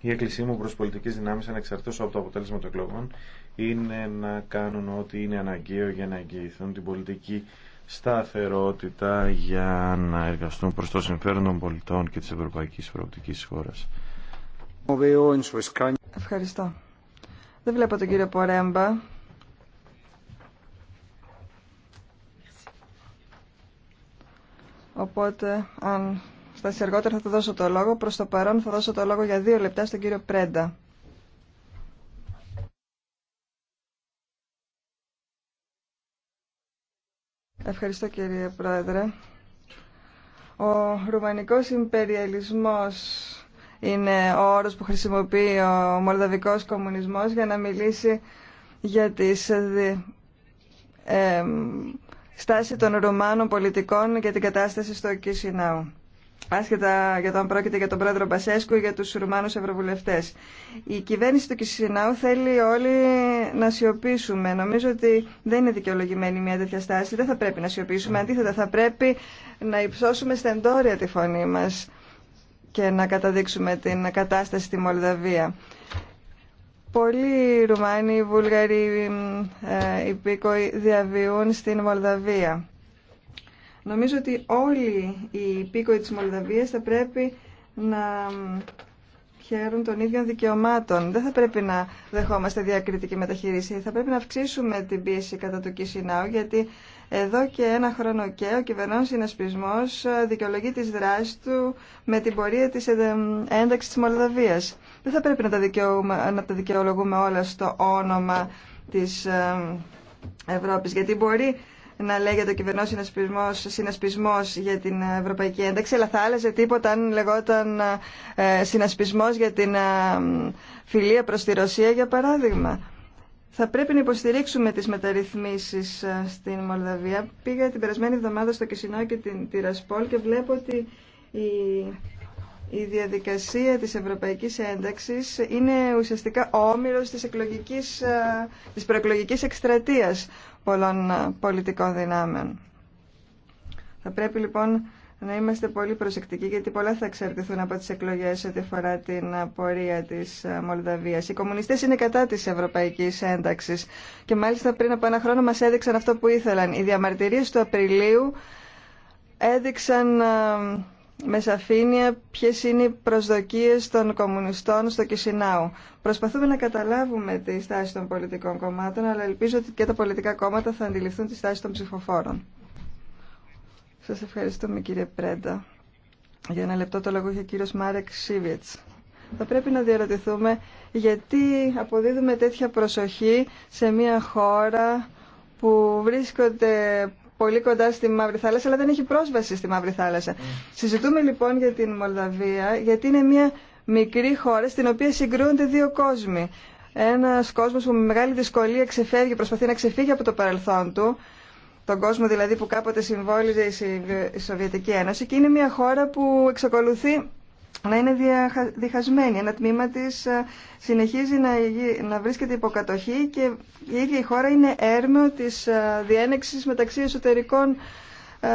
η έκκλησή μου προς πολιτικές δυνάμεις ανεξαρτήτως από το αποτέλεσμα των εκλογών είναι να κάνουν ό,τι είναι αναγκαίο για να εγγυηθούν την πολιτική σταθερότητα για να εργαστούν προς το συμφέρον των πολιτών και της ευρωπαϊκής προοπτικής χώρας. Ευχαριστώ. Δεν βλέπω τον κύριο Πορέμπα. Οπότε, αν στάσει αργότερα θα του δώσω το λόγο. Προς το παρόν θα δώσω το λόγο για δύο λεπτά στον κύριο Πρέντα. Ευχαριστώ κύριε Πρόεδρε. Ο ρουμανικός υπεριαλισμός είναι ο όρος που χρησιμοποιεί ο μολδαβικός κομμουνισμός για να μιλήσει για τη ε, στάση των Ρουμάνων πολιτικών και την κατάσταση στο Κισινάου άσχετα για το αν πρόκειται για τον πρόεδρο Μπασέσκου ή για τους Ρουμάνους Ευρωβουλευτές. Η κυβέρνηση του Κισινάου θέλει όλοι να σιωπήσουμε. Νομίζω ότι δεν είναι δικαιολογημένη μια τέτοια στάση. Δεν θα πρέπει να σιωπήσουμε. Αντίθετα, θα πρέπει να υψώσουμε στεντόρια τη φωνή μας και να καταδείξουμε την κατάσταση στη Μολδαβία. Πολλοί Ρουμάνοι, Βούλγαροι, ε, υπήκοοι διαβιούν στην Μολδαβία. Νομίζω ότι όλοι οι υπήκοοι της Μολδαβίας θα πρέπει να χαίρουν των ίδιων δικαιωμάτων. Δεν θα πρέπει να δεχόμαστε διακριτική μεταχείριση. Θα πρέπει να αυξήσουμε την πίεση κατά του Κισινάου, γιατί εδώ και ένα χρόνο και ο κυβερνών συνασπισμός δικαιολογεί τις δράσεις του με την πορεία της ένταξης της Μολδαβίας. Δεν θα πρέπει να τα, να τα δικαιολογούμε όλα στο όνομα της ε, Ευρώπης, γιατί μπορεί να λέγεται ο κυβερνό συνασπισμός, για την ε, ευρωπαϊκή ένταξη, αλλά θα άλλαζε τίποτα αν λεγόταν ε, συνασπισμός για την ε, φιλία προς τη Ρωσία, για παράδειγμα. Θα πρέπει να υποστηρίξουμε τις μεταρρυθμίσεις στην Μολδαβία. Πήγα την περασμένη εβδομάδα στο Κισινό και την Τυρασπόλ και βλέπω ότι η, η διαδικασία της ευρωπαϊκής ένταξης είναι ουσιαστικά ο όμοιρος της, εκλογικής, της προεκλογικής εκστρατείας πολλών ε, πολιτικών δυνάμεων. Θα πρέπει λοιπόν να είμαστε πολύ προσεκτικοί γιατί πολλά θα εξαρτηθούν από τις εκλογές ό,τι αφορά την ε, πορεία της ε, Μολδαβίας. Οι κομμουνιστές είναι κατά της ευρωπαϊκής ένταξης και μάλιστα πριν από ένα χρόνο μας έδειξαν αυτό που ήθελαν. Οι διαμαρτυρίες του Απριλίου έδειξαν με σαφήνεια ποιε είναι οι προσδοκίε των κομμουνιστών στο Κισινάου. Προσπαθούμε να καταλάβουμε τη στάση των πολιτικών κομμάτων, αλλά ελπίζω ότι και τα πολιτικά κόμματα θα αντιληφθούν τη στάση των ψηφοφόρων. Σα ευχαριστούμε κύριε Πρέντα. Για ένα λεπτό το λόγο είχε ο κύριο Μάρεκ Σίβιτς. Θα πρέπει να διαρωτηθούμε γιατί αποδίδουμε τέτοια προσοχή σε μια χώρα που βρίσκονται πολύ κοντά στη Μαύρη Θάλασσα, αλλά δεν έχει πρόσβαση στη Μαύρη Θάλασσα. Ναι. Συζητούμε λοιπόν για την Μολδαβία, γιατί είναι μια μικρή χώρα στην οποία συγκρούονται δύο κόσμοι. Ένα κόσμο που με μεγάλη δυσκολία ξεφεύγει, προσπαθεί να ξεφύγει από το παρελθόν του, τον κόσμο δηλαδή που κάποτε συμβόλιζε η Σοβιετική Ένωση, και είναι μια χώρα που εξακολουθεί να είναι διχασμένη. Ένα τμήμα της ε, συνεχίζει να βρίσκεται υποκατοχή και η ίδια η χώρα είναι έρμεο της ε, διένεξης μεταξύ εσωτερικών ε,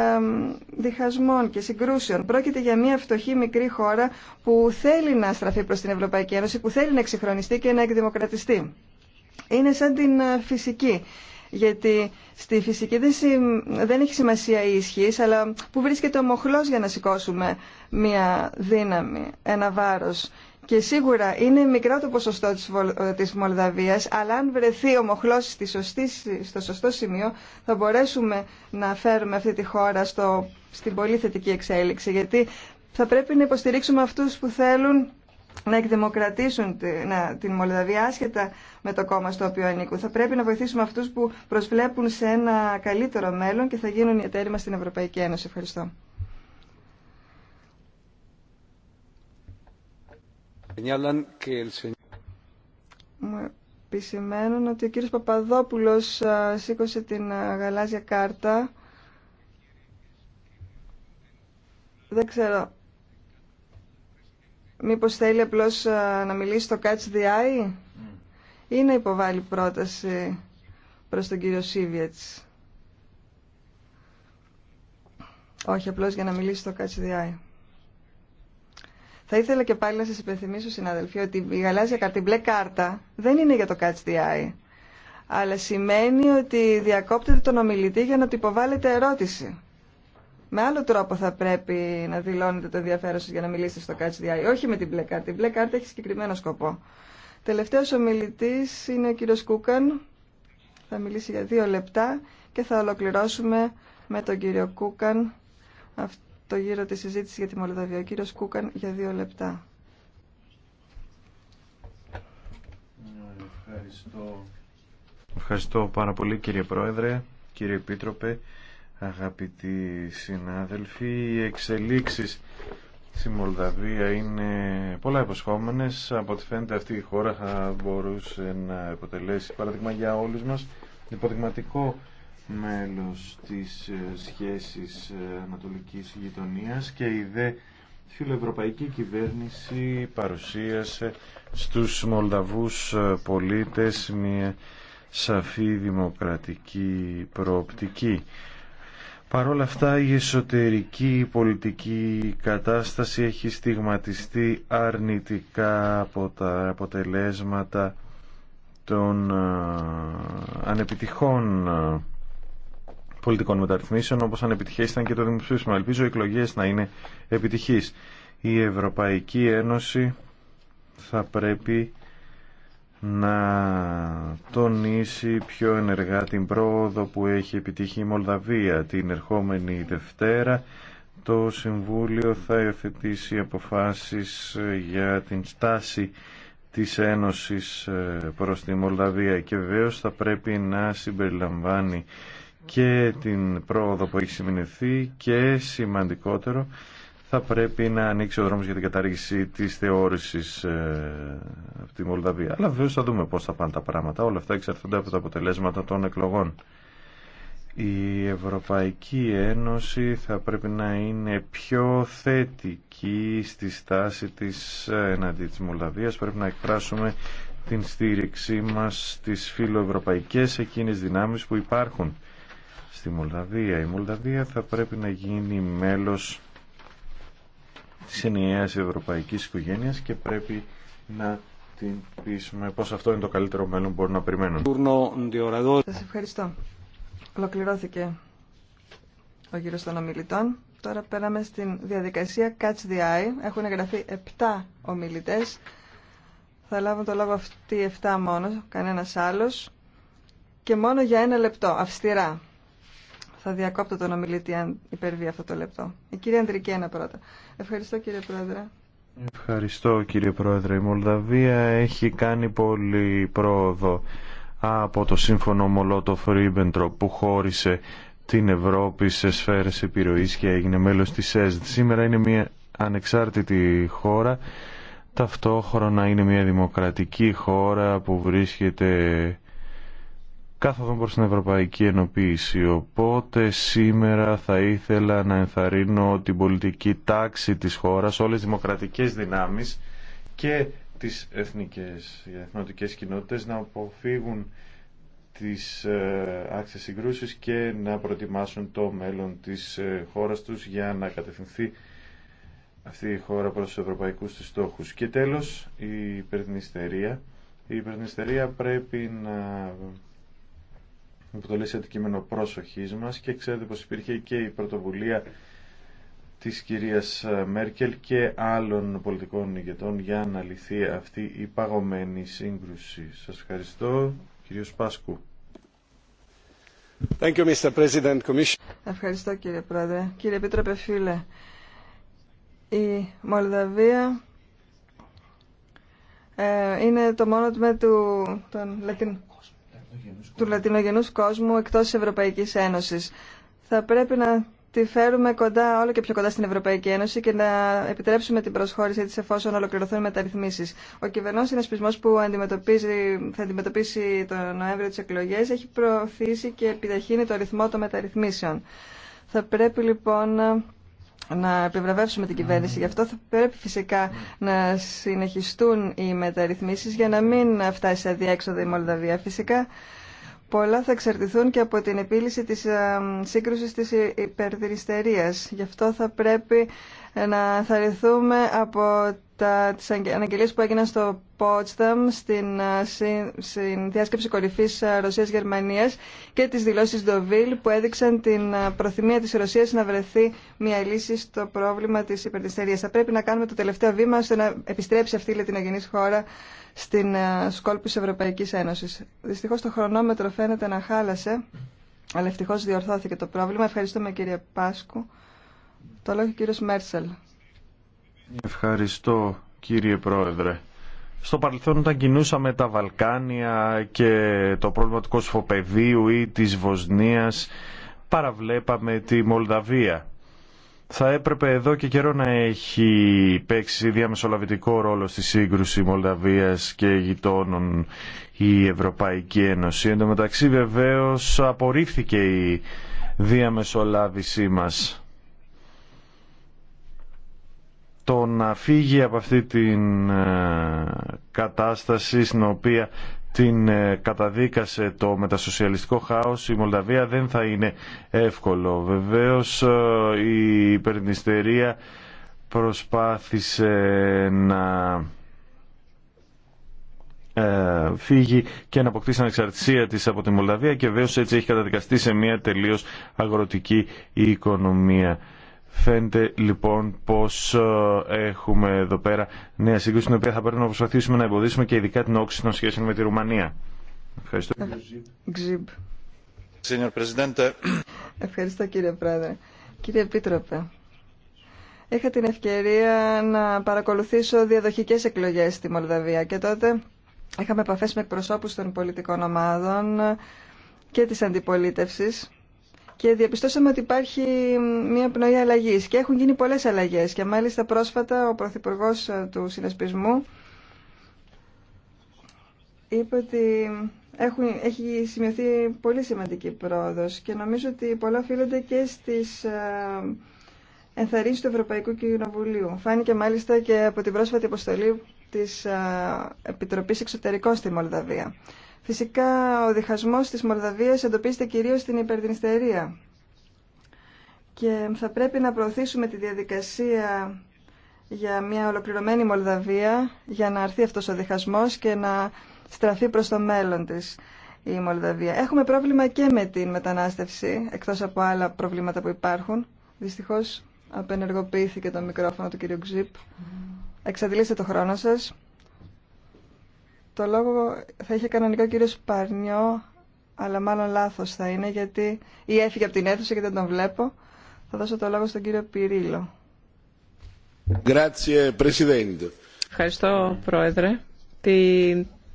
διχασμών και συγκρούσεων. Πρόκειται για μια φτωχή μικρή χώρα που θέλει να στραφεί προς την Ευρωπαϊκή Ένωση, που θέλει να εξυγχρονιστεί και να εκδημοκρατιστεί. Είναι σαν την φυσική. Γιατί στη φυσική δεν έχει σημασία η ισχύ, αλλά που βρίσκεται ο μοχλός για να σηκώσουμε μια δύναμη, ένα βάρος. Και σίγουρα είναι μικρό το ποσοστό της ε, Μολδαβίας, αλλά αν βρεθεί ο μοχλός στο σωστό σημείο, θα μπορέσουμε να φέρουμε αυτή τη χώρα στο, στην πολύ θετική εξέλιξη. Γιατί θα πρέπει να υποστηρίξουμε αυτούς που θέλουν να εκδημοκρατήσουν την Μολδαβία άσχετα με το κόμμα στο οποίο ανήκουν. Θα πρέπει να βοηθήσουμε αυτούς που προσβλέπουν σε ένα καλύτερο μέλλον και θα γίνουν οι εταίροι μας στην Ευρωπαϊκή Ένωση. Ευχαριστώ. Μου επισημαίνουν ότι ο κύριος Παπαδόπουλος σήκωσε την γαλάζια κάρτα. Δεν ξέρω Μήπως θέλει απλώς ε, να μιλήσει στο Catch the Eye mm. ή να υποβάλει πρόταση προς τον κύριο Σίβιετς. Όχι, απλώς για να μιλήσει στο Catch the Eye. Θα ήθελα και πάλι να σας υπενθυμίσω, συναδελφοί, ότι η γαλάζια κάρτα, η μπλε κάρτα, δεν είναι για το Catch the Eye, αλλά σημαίνει ότι διακόπτεται τον ομιλητή για να του υποβάλλεται ερώτηση με άλλο τρόπο θα πρέπει να δηλώνετε το ενδιαφέρον σας για να μιλήσετε στο Catch the Όχι με την μπλε κάρτα. Η μπλε κάρτα έχει συγκεκριμένο σκοπό. Τελευταίος μιλητής είναι ο κύριος Κούκαν. Θα μιλήσει για δύο λεπτά και θα ολοκληρώσουμε με τον κύριο Κούκαν το γύρο της συζήτηση για τη Μολδαβία. Ο κύριος Κούκαν για δύο λεπτά. Ευχαριστώ. Ευχαριστώ πάρα πολύ κύριε Πρόεδρε, κύριε Επίτροπε. Αγαπητοί συνάδελφοι, οι εξελίξεις στη Μολδαβία είναι πολλά υποσχόμενες. Από ό,τι φαίνεται αυτή η χώρα θα μπορούσε να αποτελέσει παράδειγμα για όλους μας υποδειγματικό μέλος της ε, σχέσης ε, ανατολικής γειτονίας και η δε φιλοευρωπαϊκή κυβέρνηση παρουσίασε στους Μολδαβούς ε, πολίτες μια σαφή δημοκρατική προοπτική. Παρ' όλα αυτά η εσωτερική πολιτική κατάσταση έχει στιγματιστεί αρνητικά από τα αποτελέσματα των ανεπιτυχών πολιτικών μεταρρυθμίσεων όπως ανεπιτυχές ήταν και το δημοψήφισμα. Ελπίζω οι εκλογές να είναι επιτυχείς. Η Ευρωπαϊκή Ένωση θα πρέπει να τονίσει πιο ενεργά την πρόοδο που έχει επιτύχει η Μολδαβία. Την ερχόμενη Δευτέρα το Συμβούλιο θα υιοθετήσει αποφάσεις για την στάση της Ένωσης ε, προς τη Μολδαβία και βεβαίω θα πρέπει να συμπεριλαμβάνει και την πρόοδο που έχει σημειωθεί και σημαντικότερο θα πρέπει να ανοίξει ο δρόμος για την κατάργηση της θεώρησης ε, από τη Μολδαβία. Αλλά βέβαια θα δούμε πώς θα πάνε τα πράγματα. Όλα αυτά εξαρτώνται από τα αποτελέσματα των εκλογών. Η Ευρωπαϊκή Ένωση θα πρέπει να είναι πιο θετική στη στάση της ε, εναντί της Μολδαβίας. Πρέπει να εκφράσουμε την στήριξή μας στις φιλοευρωπαϊκές εκείνες δυνάμεις που υπάρχουν στη Μολδαβία. Η Μολδαβία θα πρέπει να γίνει μέλος της ενιαίας ευρωπαϊκής οικογένειας και πρέπει να την πείσουμε πως αυτό είναι το καλύτερο μέλλον που μπορούν να περιμένουν. Σας ευχαριστώ. Ολοκληρώθηκε ο γύρος των ομιλητών. Τώρα πέραμε στην διαδικασία Catch the Eye. Έχουν εγγραφεί 7 ομιλητές. Θα λάβουν το λόγο αυτοί 7 μόνο, κανένας άλλος. Και μόνο για ένα λεπτό, αυστηρά. Θα διακόπτω τον ομιλητή αν υπερβεί αυτό το λεπτό. Η κυρία Αντρικένα πρώτα. Ευχαριστώ κύριε Πρόεδρε. Ευχαριστώ κύριε Πρόεδρε. Η Μολδαβία έχει κάνει πολύ πρόοδο από το σύμφωνο Μολότοφ Ρίμπεντρο που χώρισε την Ευρώπη σε σφαίρες επιρροής και έγινε μέλος της ΕΣΔ. Σήμερα είναι μια ανεξάρτητη χώρα, ταυτόχρονα είναι μια δημοκρατική χώρα που βρίσκεται κάθοδο προς την Ευρωπαϊκή Ενοποίηση. Οπότε σήμερα θα ήθελα να ενθαρρύνω την πολιτική τάξη της χώρας, όλες τις δημοκρατικές δυνάμεις και τις εθνικές, οι εθνοτικές κοινότητες να αποφύγουν τις ε, άξιες συγκρούσεις και να προετοιμάσουν το μέλλον της ε, χώρας τους για να κατευθυνθεί αυτή η χώρα προς τους ευρωπαϊκούς της στόχους. Και τέλος, η υπερδνηστερία. Η υπερδνηστερία πρέπει να το αντικείμενο πρόσοχής μας και ξέρετε πως υπήρχε και η πρωτοβουλία της κυρίας Μέρκελ και άλλων πολιτικών ηγετών για να λυθεί αυτή η παγωμένη σύγκρουση. Σας ευχαριστώ. Κύριος Πάσκου. Thank you, Mr. President. Ευχαριστώ κύριε Πρόεδρε. Κύριε Επίτροπε Φίλε, η Μολδαβία ε, είναι το μόνο τμήμα του, των Λατινών του λατινογενούς κόσμου εκτός της Ευρωπαϊκής Ένωσης. Θα πρέπει να τη φέρουμε κοντά, όλο και πιο κοντά στην Ευρωπαϊκή Ένωση και να επιτρέψουμε την προσχώρησή της εφόσον ολοκληρωθούν μεταρρυθμίσει. Ο κυβερνό συνασπισμό που αντιμετωπίζει, θα αντιμετωπίσει το Νοέμβριο τι εκλογέ έχει προωθήσει και επιταχύνει το ρυθμό των μεταρρυθμίσεων. Θα πρέπει λοιπόν να επιβραβεύσουμε την κυβέρνηση. Γι' αυτό θα πρέπει φυσικά να συνεχιστούν οι μεταρρυθμίσεις για να μην φτάσει σε αδιέξοδο η Μολδαβία. Φυσικά πολλά θα εξαρτηθούν και από την επίλυση της ε, σύγκρουσης της υπερδυριστερίας. Γι' αυτό θα πρέπει να θαρρυθούμε από τα, τις αναγγελίες που έγιναν στο Πότσταμ στην, στην διάσκεψη κορυφής Ρωσίας-Γερμανίας και τις δηλώσεις Ντοβίλ που έδειξαν την προθυμία της Ρωσίας να βρεθεί μια λύση στο πρόβλημα της υπερδυστερία. Θα πρέπει να κάνουμε το τελευταίο βήμα ώστε να επιστρέψει αυτή η Λετινογενής χώρα στην σκόλπη της Ευρωπαϊκής Ένωσης. Δυστυχώς το χρονόμετρο φαίνεται να χάλασε, αλλά ευτυχώς διορθώθηκε το πρόβλημα. Ευχαριστούμε κύριε Πάσκου. Το λόγο κύριος Μέρσελ. Ευχαριστώ κύριε Πρόεδρε. Στο παρελθόν όταν κινούσαμε τα Βαλκάνια και το πρόβλημα του Κοσφοπεδίου ή της Βοσνίας παραβλέπαμε τη Μολδαβία. Θα έπρεπε εδώ και καιρό να έχει παίξει διαμεσολαβητικό ρόλο στη σύγκρουση Μολδαβίας και γειτόνων η Ευρωπαϊκή Ένωση. Εν τω μεταξύ βεβαίως απορρίφθηκε η διαμεσολάβησή μας το να φύγει από αυτή την ε, κατάσταση στην οποία την ε, καταδίκασε το μετασοσιαλιστικό χάος η Μολδαβία δεν θα είναι εύκολο. Βεβαίως ε, η υπερνηστερία προσπάθησε να φύγει και να αποκτήσει ανεξαρτησία της από τη Μολδαβία και βέβαια έτσι έχει καταδικαστεί σε μια τελείως αγροτική οικονομία. Φαίνεται λοιπόν πως ε, έχουμε εδώ πέρα νέα σύγκρουση την οποία θα πρέπει να προσπαθήσουμε να εμποδίσουμε και ειδικά την όξυση των σχέσεων με τη Ρουμανία. Ευχαριστώ. Ε, Ευχαριστώ κύριε Πρόεδρε. Κύριε Επίτροπε, είχα την ευκαιρία να παρακολουθήσω διαδοχικές εκλογές στη Μολδαβία και τότε είχαμε επαφές με εκπροσώπους των πολιτικών ομάδων και της αντιπολίτευσης και διαπιστώσαμε ότι υπάρχει μια πνοή αλλαγή και έχουν γίνει πολλές αλλαγέ. και μάλιστα πρόσφατα ο Πρωθυπουργό ε, του Συνασπισμού είπε ότι έχουν, έχει σημειωθεί πολύ σημαντική πρόοδος και νομίζω ότι πολλά οφείλονται και στις ε, ενθαρρύνσει του Ευρωπαϊκού Κοινοβουλίου. Φάνηκε μάλιστα και από την πρόσφατη αποστολή τη ε, επιτροπή Εξωτερικών στη Μολδαβία. Φυσικά ο διχασμός της Μολδαβίας εντοπίζεται κυρίως στην υπερδυνστερία και θα πρέπει να προωθήσουμε τη διαδικασία για μια ολοκληρωμένη Μολδαβία για να αρθεί αυτός ο διχασμός και να στραφεί προς το μέλλον της η Μολδαβία. Έχουμε πρόβλημα και με την μετανάστευση, εκτός από άλλα προβλήματα που υπάρχουν. Δυστυχώς απενεργοποιήθηκε το μικρόφωνο του κ. Ξύπ. Mm-hmm. Εξαντλήστε το χρόνο σας. Το λόγο θα είχε κανονικό κύριο Παρνιό, αλλά μάλλον λάθο θα είναι, γιατί ή έφυγε από την αίθουσα και δεν τον βλέπω. Θα δώσω το λόγο στον κύριο Πυρίλο. Ευχαριστώ, Πρόεδρε. Τι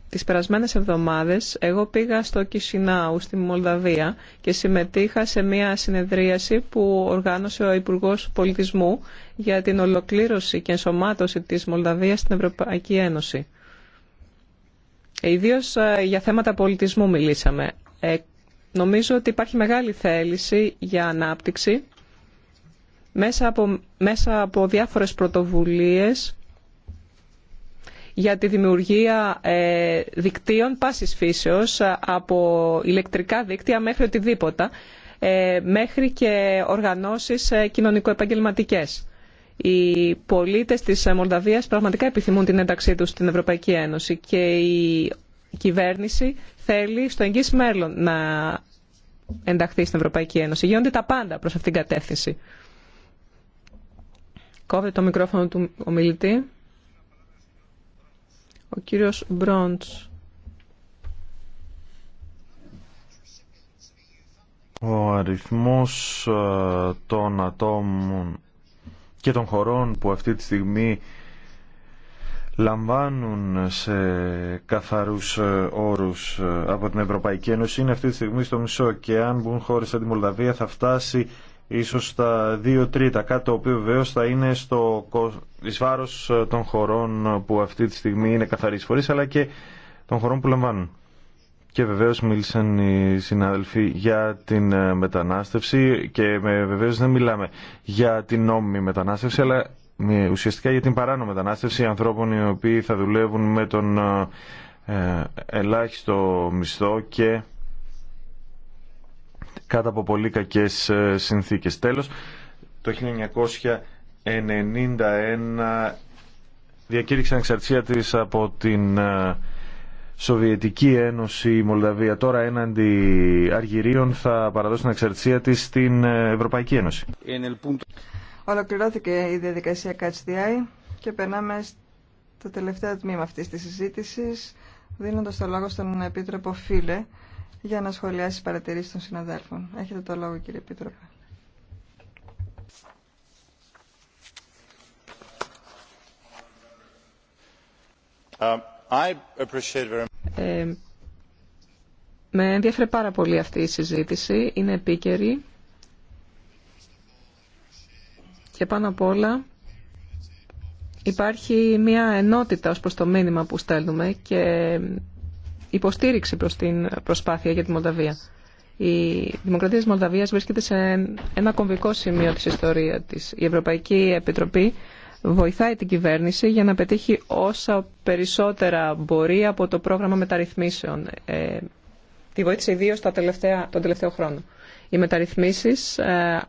τις περασμένες εβδομάδες εγώ πήγα στο Κισινάου στη Μολδαβία και συμμετείχα σε μια συνεδρίαση που οργάνωσε ο Υπουργός Πολιτισμού για την ολοκλήρωση και ενσωμάτωση της Μολδαβίας στην Ευρωπαϊκή Ένωση. Ιδίως ε, για θέματα πολιτισμού μιλήσαμε. Ε, νομίζω ότι υπάρχει μεγάλη θέληση για ανάπτυξη μέσα από, μέσα από διάφορες πρωτοβουλίες για τη δημιουργία ε, δικτύων πάσης φύσεως ε, από ηλεκτρικά δίκτυα μέχρι οτιδήποτε, ε, μέχρι και οργανώσεις ε, κοινωνικο-επαγγελματικές οι πολίτες της Μολδαβίας πραγματικά επιθυμούν την ένταξή τους στην Ευρωπαϊκή Ένωση και η κυβέρνηση θέλει στο εγγύς μέλλον να ενταχθεί στην Ευρωπαϊκή Ένωση. Γίνονται τα πάντα προς αυτήν την κατεύθυνση. Κόβεται το μικρόφωνο του ομιλητή. Ο κύριος Μπρόντς. Ο αριθμός ε, των ατόμων και των χωρών που αυτή τη στιγμή λαμβάνουν σε καθαρούς ε, όρους ε, από την Ευρωπαϊκή Ένωση είναι αυτή τη στιγμή στο μισό και αν μπουν χώρες σαν τη Μολδαβία θα φτάσει ίσως στα 2 τρίτα κάτι το οποίο βεβαίω θα είναι στο εις βάρος ε, των χωρών που αυτή τη στιγμή είναι καθαρής φορής αλλά και των χωρών που λαμβάνουν. Και βεβαίως μίλησαν οι συνάδελφοι για την ε, μετανάστευση και βεβαίω βεβαίως δεν μιλάμε για την νόμιμη μετανάστευση αλλά ε, ουσιαστικά για την παράνομη μετανάστευση ανθρώπων οι οποίοι θα δουλεύουν με τον ε, ελάχιστο μισθό και κάτω από πολύ κακές συνθήκες. Τέλος, το 1991 διακήρυξαν εξαρτησία της από την Σοβιετική Ένωση η Μολδαβία τώρα έναντι Αργυρίων θα παραδώσει την εξαρτησία της στην ε, Ευρωπαϊκή Ένωση. Ολοκληρώθηκε η διαδικασία CatchDI και περνάμε στο τελευταίο τμήμα αυτής της συζήτησης δίνοντας το λόγο στον Επίτροπο Φίλε για να σχολιάσει παρατηρήσει παρατηρήσεις των συναδέλφων. Έχετε το λόγο κύριε Επίτροπε. Uh. Ε, με ενδιαφέρει πάρα πολύ αυτή η συζήτηση. Είναι επίκαιρη. Και πάνω απ' όλα υπάρχει μια ενότητα ως προς το μήνυμα που στέλνουμε και υποστήριξη προς την προσπάθεια για τη Μολδαβία. Η Δημοκρατία της Μολδαβίας βρίσκεται σε ένα κομβικό σημείο της ιστορίας της. Η Ευρωπαϊκή Επιτροπή βοηθάει την κυβέρνηση για να πετύχει όσα περισσότερα μπορεί από το πρόγραμμα μεταρρυθμίσεων. Ε, τη βοήθησε ιδίω τον τελευταίο χρόνο. Οι μεταρρυθμίσεις ε,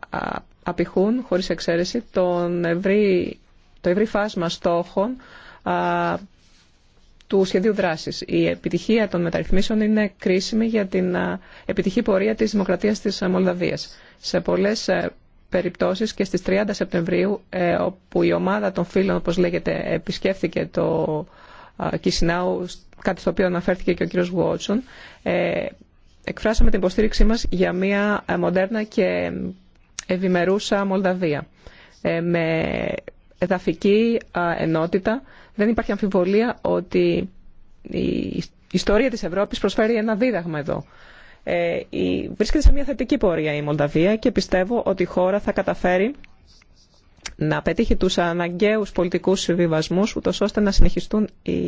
απηχούν, χωρίς εξαίρεση, τον ευρύ, το ευρύ φάσμα στόχων του σχεδίου δράσης. Η επιτυχία των μεταρρυθμίσεων είναι κρίσιμη για την επιτυχία επιτυχή πορεία της δημοκρατίας της Μολδαβίας. Σε ε, περιπτώσεις και στις 30 Σεπτεμβρίου ε, όπου η ομάδα των φίλων, όπως λέγεται, επισκέφθηκε το Κισινάου, κάτι στο οποίο αναφέρθηκε και ο κύριος Γουότσον, ε, εκφράσαμε την υποστήριξή μας για μια ε, μοντέρνα και ευημερούσα Μολδαβία. με εδαφική ενότητα δεν υπάρχει αμφιβολία ότι η ιστορία της Ευρώπης προσφέρει ένα δίδαγμα εδώ. Ε, βρίσκεται σε μια θετική πορεία η Μολδαβία και πιστεύω ότι η χώρα θα καταφέρει να πετύχει τους αναγκαίους πολιτικούς συμβιβασμούς ούτως ώστε να συνεχιστούν οι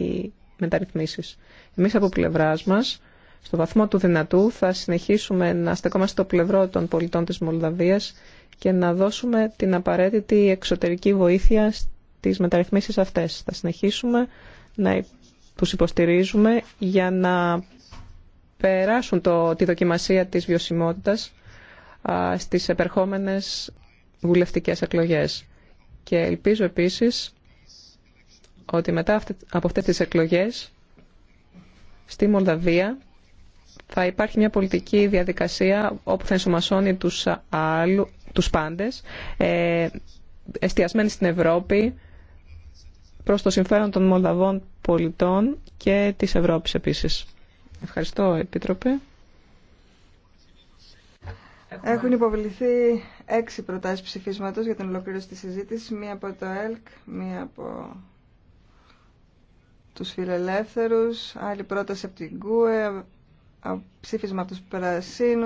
μεταρρυθμίσεις. Εμείς από πλευράς μας, στο βαθμό του δυνατού, θα συνεχίσουμε να στεκόμαστε στο πλευρό των πολιτών της Μολδαβίας και να δώσουμε την απαραίτητη εξωτερική βοήθεια στις μεταρρυθμίσεις αυτές. Θα συνεχίσουμε να τους υποστηρίζουμε για να περάσουν το, τη δοκιμασία της βιωσιμότητας α, στις επερχόμενες βουλευτικές εκλογές. Και ελπίζω επίσης ότι μετά από αυτές τις εκλογές στη Μολδαβία θα υπάρχει μια πολιτική διαδικασία όπου θα ενσωμασώνει τους, άλλου, τους πάντες ε, εστιασμένοι στην Ευρώπη προς το συμφέρον των Μολδαβών πολιτών και της Ευρώπης επίσης. Ευχαριστώ, Επίτροπε. Έχουν υποβληθεί έξι προτάσεις ψηφίσματος για την ολοκλήρωση της συζήτησης. Μία από το ΕΛΚ, μία από τους φιλελεύθερους, άλλη πρόταση από την ΚΟΕ, ψήφισμα από τους